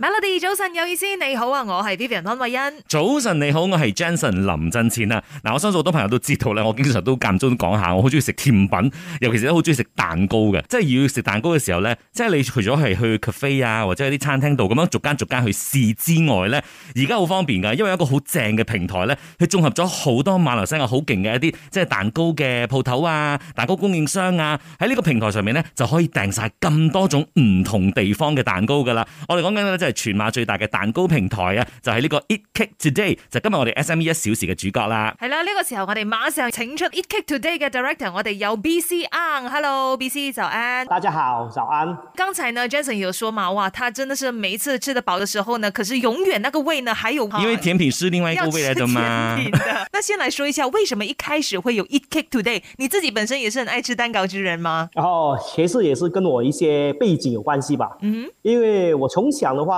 Melody，早晨有意思，你好啊，我係 Vivian 溫慧欣。早晨你好，我係 Jason 林振錢啊。嗱，我相信好多朋友都知道咧，我經常都間中講下，我好中意食甜品，尤其是咧好中意食蛋糕嘅。即係要食蛋糕嘅時候咧，即係你除咗係去 cafe 啊，或者喺啲餐廳度咁樣逐間逐間去試之外咧，而家好方便噶，因為有一個好正嘅平台咧，佢綜合咗好多馬來西亞好勁嘅一啲即係蛋糕嘅鋪頭啊、蛋糕供應商啊，喺呢個平台上面咧就可以訂晒咁多種唔同地方嘅蛋糕噶啦。我哋講緊全馬最大嘅蛋糕平台啊，就係、是、呢個 Eat Cake Today，就今日我哋 SME 一小時嘅主角啦。係啦，呢、這個時候我哋馬上請出 Eat Cake Today 嘅 director，我哋有 B C o、啊、Hello B C，早安，大家好，早安。剛才呢，Jason 有說嘛，哇，他真的是每一次吃得飽嘅時候呢，可是永遠那個胃呢，還有、啊、因為甜品是另外一個胃嚟的嘛。的 那先來說一下，為什麼一開始會有 Eat Cake Today？你自己本身也是很愛吃蛋糕之人嗎？哦，其實也是跟我一些背景有關係吧。嗯，因為我從小的話。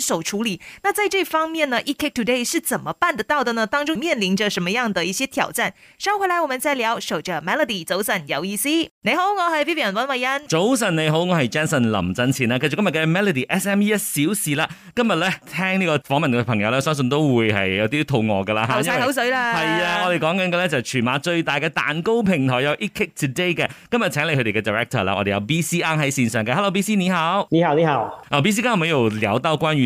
手處理，那在這方面呢？Eat Cake Today 是怎麼辦得到的呢？當中面臨着什麼樣的一些挑戰？稍回來我們再聊。守着 Melody，早晨有意思。你好，我係 Vivian 溫慧欣。早晨你好，我係 Jensen 林振前啦。繼續今日嘅 Melody S M E 一小時啦。今日咧聽呢個訪問嘅朋友咧，相信都會係有啲肚餓噶啦，流晒口水啦。係啊，我哋講緊嘅咧就係全馬最大嘅蛋糕平台有 Eat Cake Today 嘅，今日請嚟佢哋嘅 Director 啦。我哋有 B C Ang 喺線上嘅，Hello B C，你，你好。你好，你好、啊。啊，B C 今日有沒有聊到關於？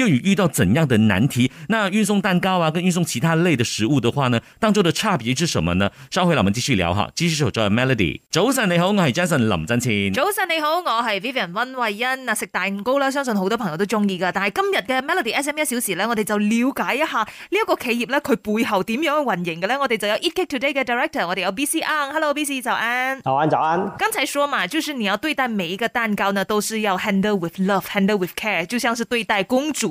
又遇到怎樣的難題？那運送蛋糕啊，跟運送其他類的食物的話呢，當中的差別是什麼呢？稍後我們繼續聊哈。繼續手招 Melody，早晨你好，我係 Jason 林振千。早晨你好，我係 Vivian 温慧欣。啊，食蛋糕啦，相信好多朋友都中意噶。但係今日嘅 Melody SME 一小時咧，我哋就了解一下呢一個企業咧，佢背後點樣去運營嘅咧？我哋就有 Eat Cake Today 嘅 Director，我哋有 B C UN、嗯。Hello B C 就安，安。早安早安。剛才說嘛，就是你要對待每一個蛋糕呢，都是要 handle with love，handle with care，就像是對待公主。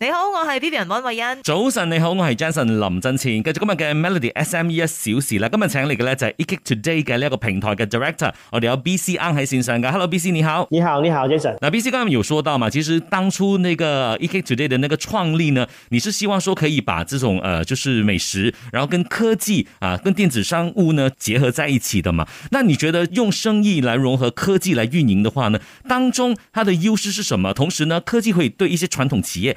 你好，我 Vivian 溫慧欣。早晨，你好，我係 Jason 林振晴。繼續今日嘅 Melody S M E 一小時啦。今日請嚟嘅咧就係、是、E K Today 嘅呢一個平台嘅 Director，我哋有 B C 安海先生噶。Hello B C，你，你好，你好，你好，Jason。那 B C 剛才有說到嘛，其實當初那個 E K Today 嘅那個創立呢，你是希望說可以把這種呃，就是美食，然後跟科技啊、呃，跟電子商務呢結合在一起的嘛。那你覺得用生意來融合科技來運營的話呢，當中它的優勢是什麼？同時呢，科技會對一些傳統企業